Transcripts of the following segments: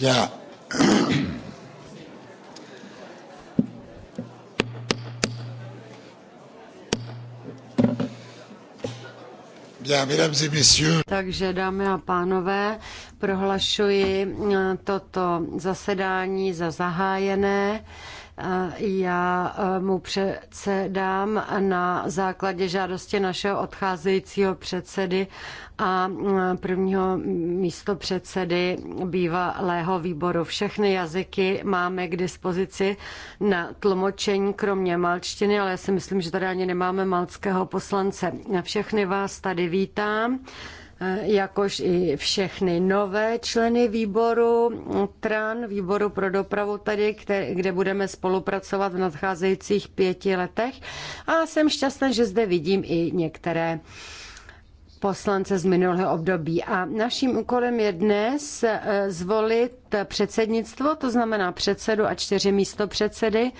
Ya. Takže dámy a pánové, prohlašuji eh, toto zasedání za zahájené. Já eh, mu předsedám na základě žádosti našeho odcházejícího předsedy a eh, prvního místo předsedy bývalého výboru. Všechny jazyky máme k dispozici na tlumočení, kromě malčtiny, ale já si myslím, že tady ani nemáme malckého poslance. Všechny vás tady vítám. Eh, jakož i všechny nové členy výboru mm, TRAN, výboru pro dopravu tady kde budeme spolupracovat v nadcházejících pěti letech. A jsem šťastná, že zde vidím i některé poslance z minulého období. A naším úkolem je dnes eh, zvolit předsednictvo, to znamená předsedu a čtyři místo předsedy.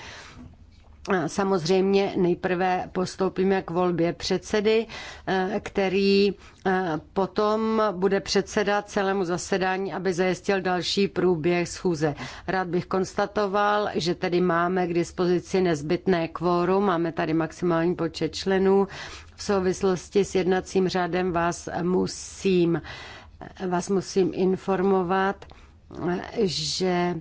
Samozřejmě nejprve postoupíme k volbě předsedy, e, který e, potom bude předsedat celému zasedání, aby zajistil další průběh schůze. Rád bych konstatoval, že tedy máme k dispozici nezbytné kvórum, máme tady maximální počet členů. V souvislosti s jednacím řádem vás musím, vás musím informovat, e, že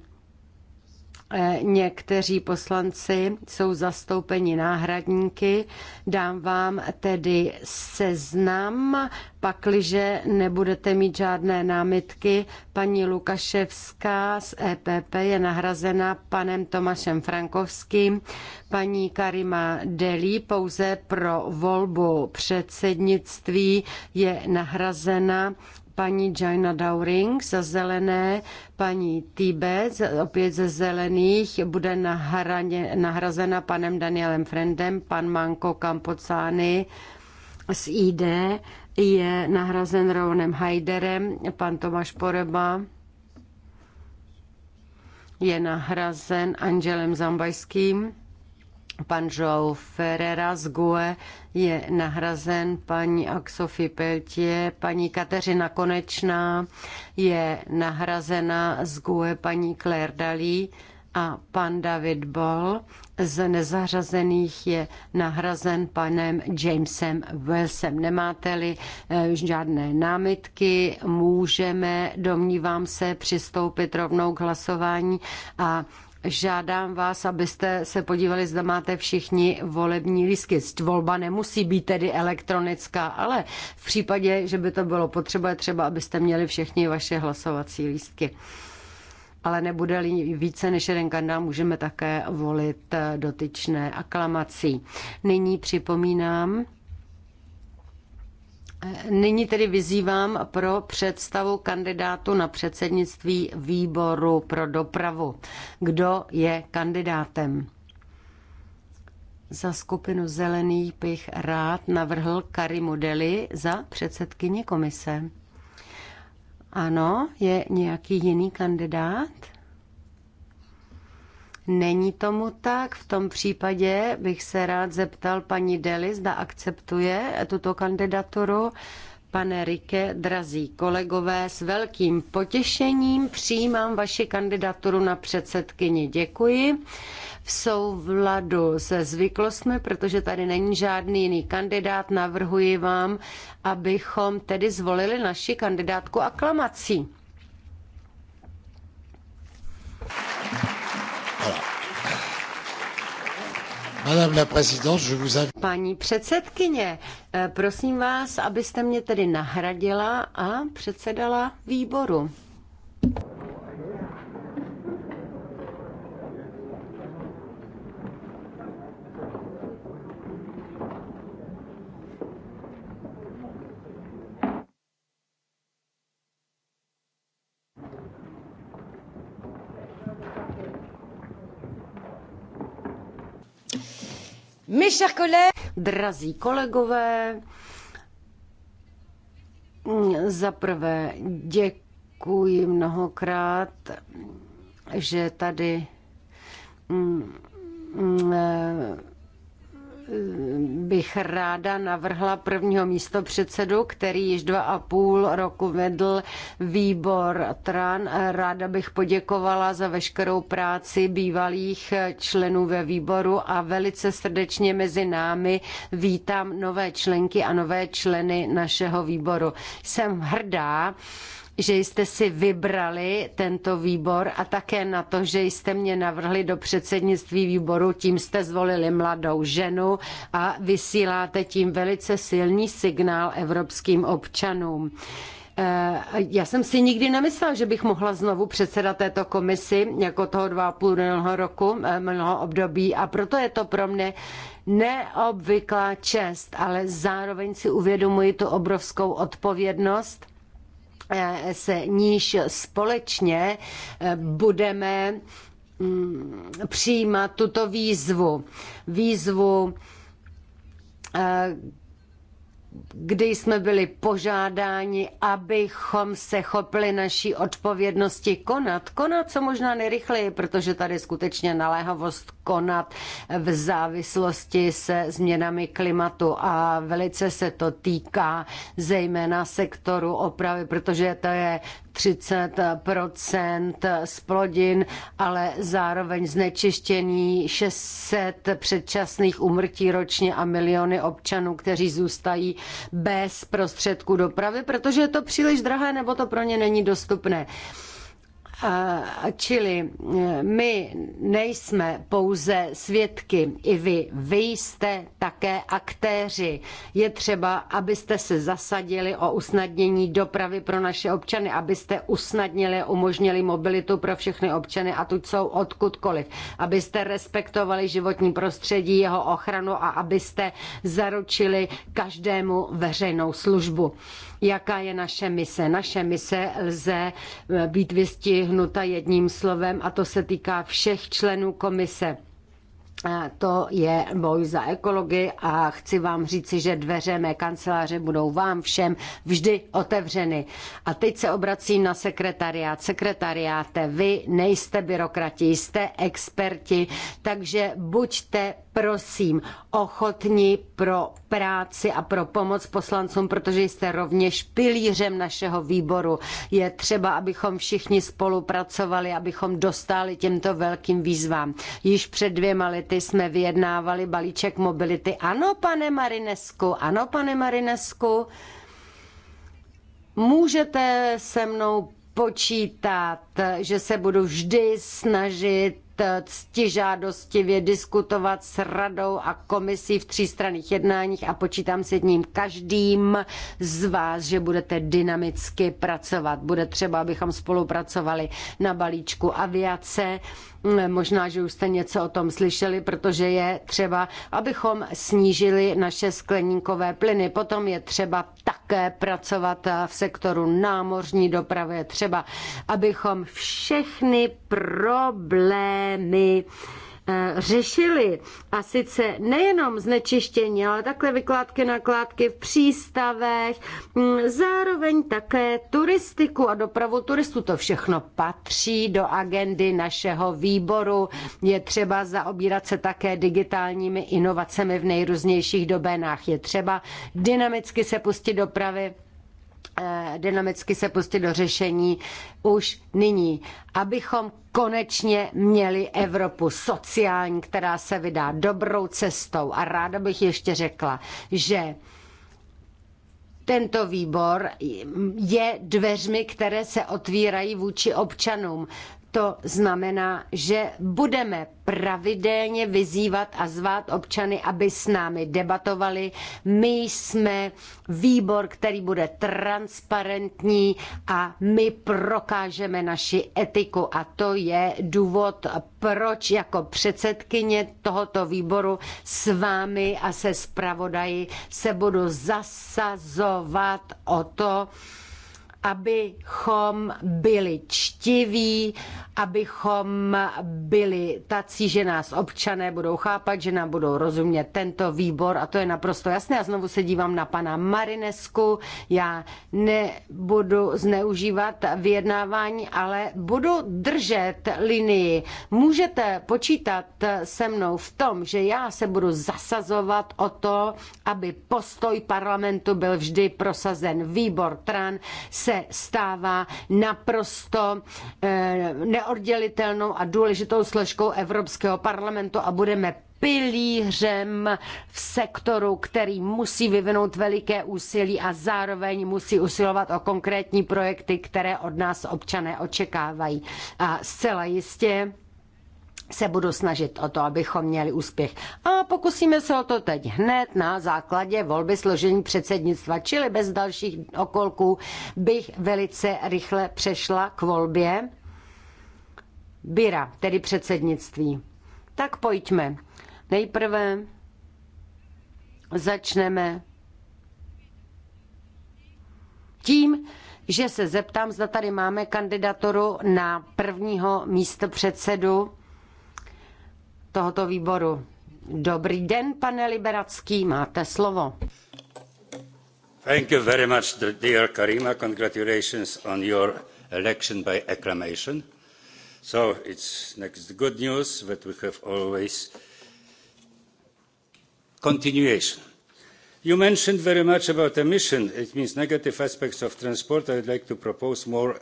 Eh, někteří poslanci jsou zastoupeni náhradníky. Dám vám tedy seznam, pakliže nebudete mít žádné námitky. Paní Lukaševská z EPP je nahrazena panem Tomášem Frankovským, paní Karima Delí pouze pro volbu předsednictví je nahrazena paní Jaina Dowring za zelené, paní Tibet opět ze zelených bude nahraně, nahrazena panem Danielem Frendem, pan Manko Kampocány z ID je nahrazen Ronem Hajderem, pan Tomáš Poreba je nahrazen Angelem Zambajským Pan João Ferreira z GUE je nahrazen paní Aksofi Peltě, paní Kateřina Konečná je nahrazena z GUE paní Claire Dalí a pan David Ball z nezařazených je nahrazen panem Jamesem Wellsem. Nemáte-li eh, žádné námitky, můžeme, domnívám se, přistoupit rovnou k hlasování a Žádám vás, abyste se podívali, zda máte všichni volební lístky. Volba nemusí být tedy elektronická, ale v případě, že by to bylo potřeba, je třeba, abyste měli všichni vaše hlasovací lístky. Ale nebude-li více než jeden kandidát, můžeme také volit eh, dotyčné aklamací. Nyní připomínám, Nyní tedy vyzývám pro představu kandidátu na předsednictví výboru pro dopravu. Kdo je kandidátem? Za skupinu zelených bych rád navrhl Karimu Deli za předsedkyni komise. Ano, je nějaký jiný kandidát? Není tomu tak, v tom případě bych se rád zeptal paní Deli, zda akceptuje tuto kandidaturu. Pane Rike, drazí kolegové, s velkým potěšením přijímám vaši kandidaturu na předsedkyni. Děkuji. V souvladu se zvyklostmi, protože tady není žádný jiný kandidát, navrhuji vám, abychom tedy zvolili naši kandidátku aklamací. Paní předsedkyně, eh, prosím vás, abyste mě tedy nahradila a předsedala výboru. Drazí kolegové, zaprvé děkuji mnohokrát, že tady mm, mm, bych ráda navrhla prvního místo předsedu, který již dva a půl roku vedl výbor TRAN. Ráda bych poděkovala za veškerou práci bývalých členů ve výboru a velice srdečně mezi námi vítám nové členky a nové členy našeho výboru. Jsem hrdá, že jste si vybrali tento výbor a také na to, že jste mě navrhli do předsednictví výboru, tím jste zvolili mladou ženu a vysíláte tím velice silný signál evropským občanům. Eh, já jsem si nikdy nemyslela, že bych mohla znovu předsedat této komisi jako toho dva a půl roku, eh, mnoho období a proto je to pro mě neobvyklá čest, ale zároveň si uvědomuji tu obrovskou odpovědnost, Eh, se níž společně eh, budeme mm, přijímat tuto výzvu. Výzvu, eh, kdy jsme byli požádáni, abychom se chopili naší odpovědnosti konat. Konat co možná nejrychleji, protože tady skutečně naléhavost konat v závislosti se změnami klimatu a velice se to týká zejména sektoru opravy, protože to je 30 splodin, ale zároveň znečištění 600 předčasných umrtí ročně a miliony občanů, kteří zůstají bez prostředků dopravy, protože je to příliš drahé nebo to pro ně není dostupné. Čili e, my nejsme pouze svědky, i vy, vy jste také aktéři. Je třeba, abyste se zasadili o usnadnění dopravy pro naše občany, abyste usnadnili, umožnili mobilitu pro všechny občany a tu jsou odkudkoliv, abyste respektovali životní prostředí, jeho ochranu a abyste zaručili každému veřejnou službu. Jaká je naše mise? Naše mise lze e, být vystihnout postihnuta jedním slovem a to se týká všech členů komise. To je boj za ekologii a chci vám říci, že dveře mé kanceláře budou vám všem vždy otevřeny. A teď se obracím na sekretariát. Sekretariáte, vy nejste byrokrati, jste experti, takže buďte prosím ochotni pro práci a pro pomoc poslancům, protože jste rovněž pilířem našeho výboru. Je třeba, abychom všichni spolupracovali, abychom dostali těmto velkým výzvám. Již před dvěma lety jsme vyjednávali balíček mobility. Ano, pane Marinesku, ano, pane Marinesku, můžete se mnou počítat, že se budu vždy snažit ctižádostivě diskutovat s radou a komisí v třístranných jednáních a počítám se ním každým z vás, že budete dynamicky pracovat. Bude třeba, abychom spolupracovali na balíčku aviace, Možná, že už jste něco o tom slyšeli, protože je třeba, abychom snížili naše skleníkové plyny. Potom je třeba také pracovat v sektoru námořní dopravy. třeba, abychom všechny problémy Eh, řešili. A sice nejenom znečištění, ale takhle vykládky, nakládky v přístavech, mm, zároveň také turistiku a dopravu turistů. To všechno patří do agendy našeho výboru. Je třeba zaobírat se také digitálními inovacemi v nejrůznějších dobenách. Je třeba dynamicky se pustit dopravy Eh, dynamicky se pustit do řešení už nyní, abychom konečně měli Evropu sociální, která se vydá dobrou cestou. A ráda bych ještě řekla, že tento výbor je dveřmi, které se otvírají vůči občanům. To znamená, že budeme pravidelně vyzývat a zvát občany, aby s námi debatovali. My jsme výbor, který bude transparentní a my prokážeme naši etiku. A to je důvod, proč jako předsedkyně tohoto výboru s vámi a se zpravodaji se budu zasazovat o to, abychom byli čtiví abychom byli tací, že nás občané budou chápat, že nám budou rozumět tento výbor a to je naprosto jasné. Já znovu se dívám na pana Marinesku, já nebudu zneužívat vyjednávání, ale budu držet linii. Můžete počítat se mnou v tom, že já se budu zasazovat o to, aby postoj parlamentu byl vždy prosazen. Výbor TRAN se stává naprosto ne. Eh, neoddělitelnou a důležitou složkou Evropského parlamentu a budeme pilířem v sektoru, který musí vyvinout veliké úsilí a zároveň musí usilovat o konkrétní projekty, které od nás občané očekávají. A zcela jistě se budu snažit o to, abychom měli úspěch. A pokusíme se o to teď hned na základě volby složení předsednictva, čili bez dalších okolků bych velice rychle přešla k volbě Byra, tedy předsednictví. Tak pojďme. Nejprve začneme tím, že se zeptám, zda tady máme kandidaturu na prvního místo předsedu tohoto výboru. Dobrý den, pane Liberacký, máte slovo. Thank you very much, dear Karima. Congratulations on your election by acclamation. So it's next good news that we have always continuation. You mentioned very much about emission. It means negative aspects of transport. I would like to propose more,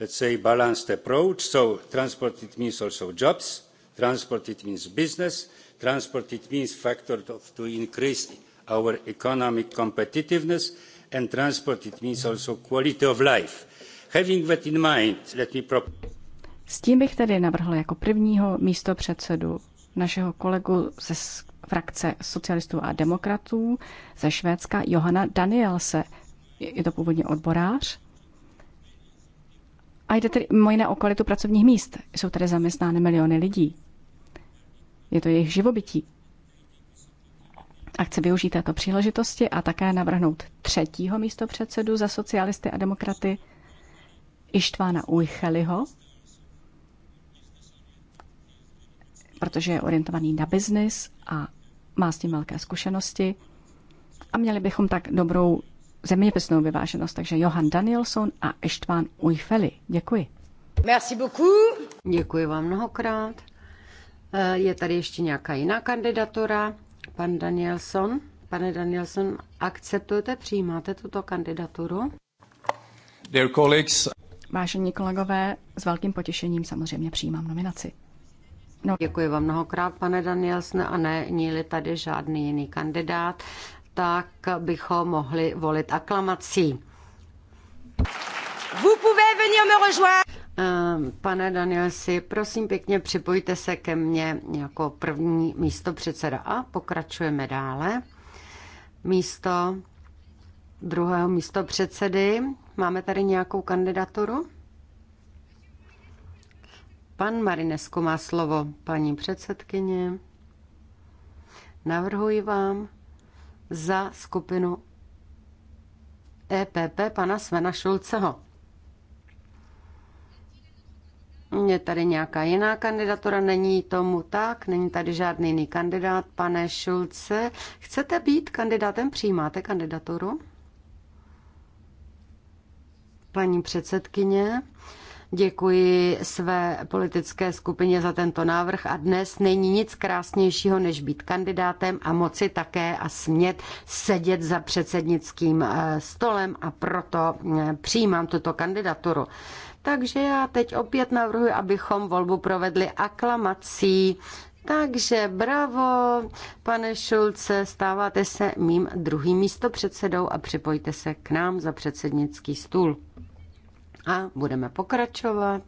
let's say, balanced approach. So transport, it means also jobs. Transport, it means business. Transport, it means factor to increase our economic competitiveness. And transport, it means also quality of life. Having that in mind, let me propose s tím bych tedy navrhl jako prvního místo předsedu našeho kolegu ze frakce socialistů a demokratů ze Švédska Johana Danielse. Je to původně odborář. A jde tedy mimo jiné o kvalitu pracovních míst. Jsou tady zaměstnány miliony lidí. Je to jejich živobytí. A chci využít této příležitosti a také navrhnout třetího místo předsedu za socialisty a demokraty Ištvána Ujcheliho, protože je orientovaný na biznis a má s tím velké zkušenosti. A měli bychom tak dobrou zeměpisnou vyváženost. Takže Johan Danielson a Eštván Ujfeli. Děkuji. Merci beaucoup. Děkuji vám mnohokrát. E, je tady ještě nějaká jiná kandidatura? Pan Danielson, pane Danielson, akceptujete, přijímáte tuto kandidaturu? Dear colleagues. Vážení kolegové, s velkým potěšením samozřejmě přijímám nominaci. No, děkuji vám mnohokrát, pane Danielsne, a ne, ní tady žádný jiný kandidát, tak bychom mohli volit aklamací. Vous pouvez venir me rejoindre. Ehm, pane Danielsi, prosím pěkně připojte se ke mně jako první místo předseda a pokračujeme dále. Místo druhého místo předsedy. Máme tady nějakou kandidaturu? Pan Marinesko má slovo, paní předsedkyně. Navrhuji vám za skupinu EPP pana Svena Šulceho. Je tady nějaká jiná kandidatura, není tomu tak, není tady žádný jiný kandidát. Pane Šulce, chcete být kandidátem, přijímáte kandidaturu? Paní předsedkyně, Děkuji své politické skupině za tento návrh a dnes není nic krásnějšího, než být kandidátem a moci také a smět sedět za předsednickým eh, stolem a proto eh, přijímám tuto kandidaturu. Takže já teď opět navrhuji, abychom volbu provedli aklamací. Takže bravo, pane Šulce, stáváte se mým druhým místopředsedou a připojte se k nám za předsednický stůl. A budeme pokračovat.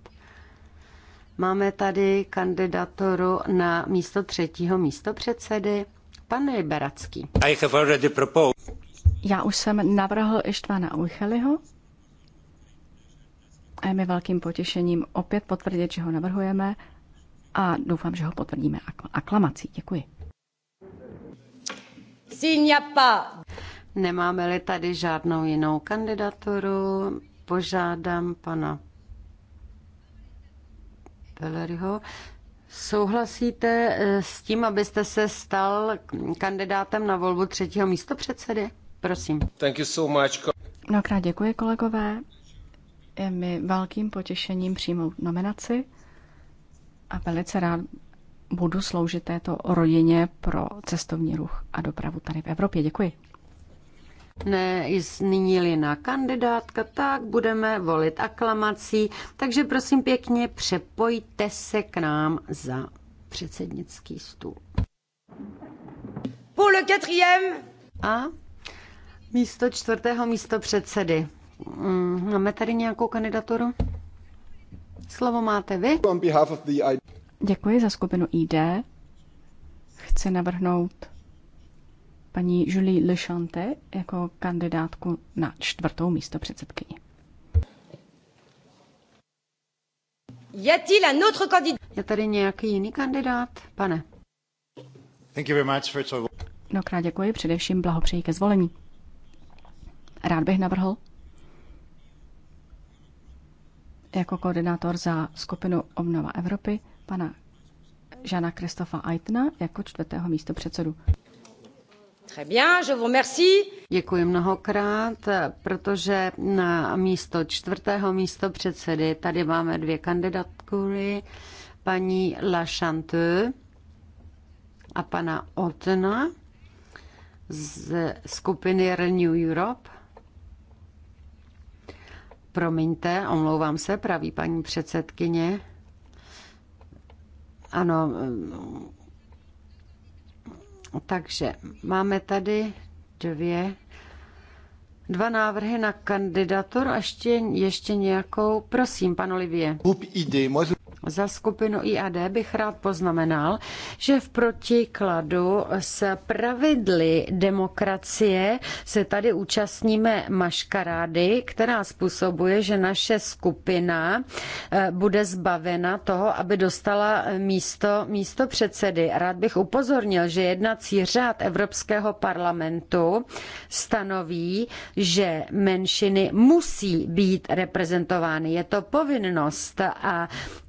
Máme tady kandidaturu na místo třetího místo předsedy, pan Liberacký. Já už jsem navrhl Ištvana Ujcheliho a je mi velkým potěšením opět potvrdit, že ho navrhujeme a doufám, že ho potvrdíme akl- aklamací. Děkuji. Nemáme-li tady žádnou jinou kandidaturu, požádám pana Pelleryho. Souhlasíte eh, s tím, abyste se stal kandidátem na volbu třetího místo předsedy? Prosím. Thank you so much. Mnohokrát děkuji, kolegové. Je mi velkým potěšením přijmout nominaci a velice rád budu sloužit této rodině pro cestovní ruch a dopravu tady v Evropě. Děkuji nyní na kandidátka, tak budeme volit aklamací. Takže prosím pěkně, přepojte se k nám za předsednický stůl. Pour le quatrième. A místo čtvrtého místo předsedy. Mm, máme tady nějakou kandidaturu? Slovo máte vy. Děkuji za skupinu ID. Chci navrhnout paní Julie Lechante jako kandidátku na čtvrtou místo předsedkyni. Je tady nějaký jiný kandidát, pane? Thank you very much for... No, krát děkuji, především blahopřeji ke zvolení. Rád bych navrhl jako koordinátor za skupinu Obnova Evropy pana Žana Kristofa Aitna jako čtvrtého místo předsedu. Děkuji mnohokrát, protože na místo čtvrtého místo předsedy tady máme dvě kandidatury, paní La Chanteux a pana Otena z skupiny Renew Europe. Promiňte, omlouvám se, praví paní předsedkyně. Ano, takže máme tady dvě, dva návrhy na kandidatur a ještě, ještě nějakou. Prosím, pan možná. Za skupinu IAD bych rád poznamenal, že v protikladu s pravidly demokracie se tady účastníme maškarády, která způsobuje, že naše skupina eh, bude zbavena toho, aby dostala místo, místo předsedy. Rád bych upozornil, že jednací řád Evropského parlamentu stanoví, že menšiny musí být reprezentovány. Je to povinnost a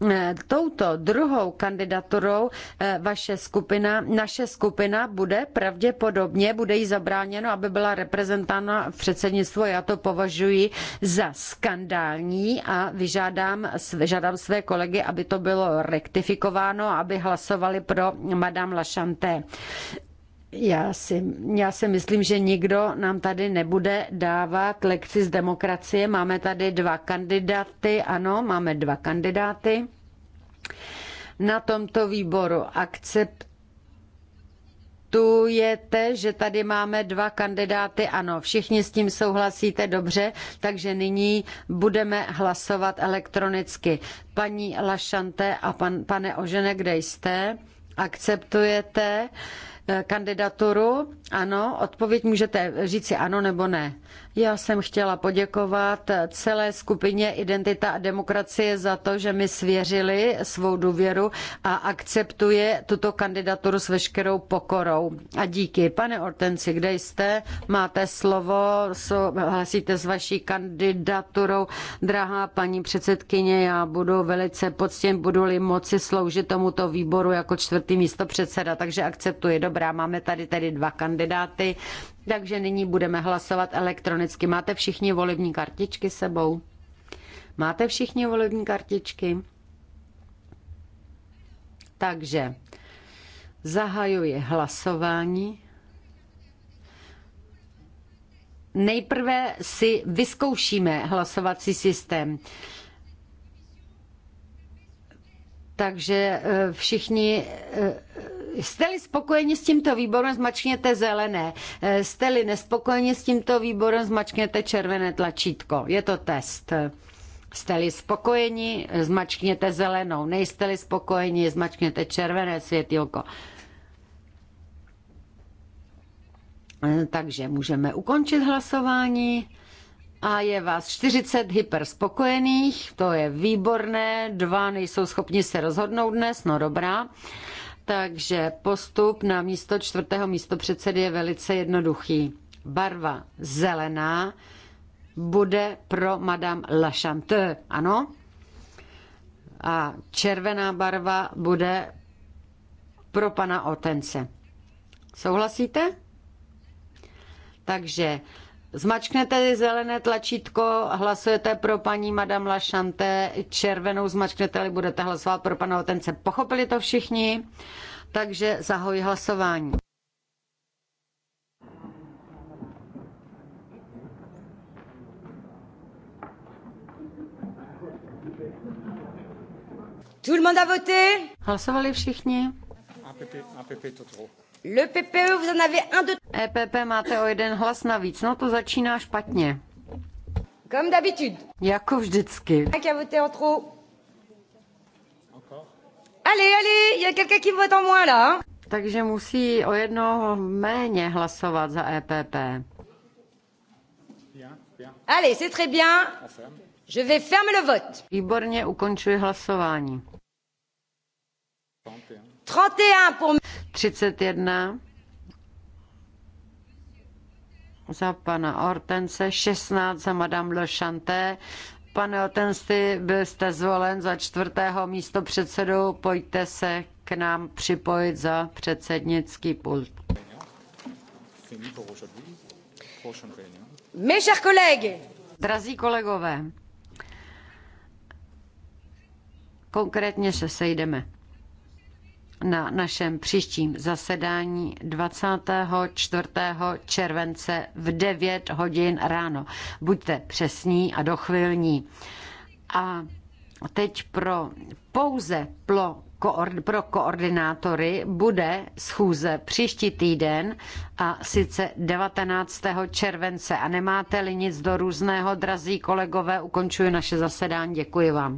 eh, touto druhou kandidaturou eh, vaše skupina, naše skupina bude pravděpodobně, bude jí zabráněno, aby byla reprezentána v předsednictvu. Já to považuji za skandální a vyžádám, žádám své kolegy, aby to bylo rektifikováno, aby hlasovali pro Madame Lachanté. Já si, já si myslím, že nikdo nám tady nebude dávat lekci z demokracie. Máme tady dva kandidáty, ano, máme dva kandidáty na tomto výboru akcept Akceptujete, že tady máme dva kandidáty? Ano, všichni s tím souhlasíte dobře, takže nyní budeme hlasovat elektronicky. Paní Lašante a pan, pane Ožene, kde jste? Akceptujete? Uh, Eh, kandidaturu? Ano, odpověď můžete říci ano nebo ne. Já jsem chtěla poděkovat eh, celé skupině Identita a demokracie za to, že mi svěřili svou důvěru a akceptuje tuto kandidaturu s veškerou pokorou. A díky. Pane Ortenci, kde jste? Máte slovo, hlasíte s vaší kandidaturou. Drahá paní předsedkyně, já budu velice poctěn, budu-li moci sloužit tomuto výboru jako čtvrtý místo předseda, takže akceptuji. Dobré Dobrá, máme tady tedy dva kandidáty, takže nyní budeme hlasovat elektronicky. Máte všichni volební kartičky sebou? Máte všichni volební kartičky? Takže zahajuji hlasování. Nejprve si vyzkoušíme hlasovací systém. Takže eh, všichni eh, Jste-li spokojeni s tímto výborem, zmačkněte zelené. Eh, jste-li nespokojeni s tímto výborem, zmačkněte červené tlačítko. Je to test. Jste-li spokojeni, zmačkněte zelenou. Nejste-li spokojeni, zmačkněte červené světilko. Eh, takže můžeme ukončit hlasování. A je vás 40 hyperspokojených, to je výborné, dva nejsou schopni se rozhodnout dnes, no dobrá. Takže postup na místo čtvrtého místo předsedy je velice jednoduchý. Barva zelená bude pro Madame Lachante, ano? A červená barva bude pro pana Otence. Souhlasíte? Takže Zmačknete zelené tlačítko, hlasujete pro paní Madame Lašante, červenou zmačknete ale budete hlasovat pro pana Otence. Pochopili to všichni, takže zahoj hlasování. Tout le monde a voté? Hlasovali všichni? a APP to trop. Le PPE, vous en avez un, de... EPP máte o jeden hlas navíc, no to začíná špatně. Comme d'habitude. Jako vždycky. Tak já voté en trop. Allez, allez, il y a quelqu'un qui vote en moins là. Takže musí o jednoho méně hlasovat za EPP. Allez, c'est très bien. Je vais fermer le vote. Výborně ukončuje hlasování. 31 pour 31 za pana Ortense, 16 za Madame Le Chanté. Pane Ortensty, byl jste zvolen za čtvrtého místo předsedu. Pojďte se k nám připojit za předsednický pult. Mes chers collègues, Drazí kolegové, konkrétně se sejdeme na našem příštím zasedání 24. července v 9 hodin ráno. Buďte přesní a dochvilní. A teď pro pouze pro, pro koordinátory bude schůze příští týden a sice 19. července. A nemáte-li nic do různého, drazí kolegové, ukončuji naše zasedání. Děkuji vám.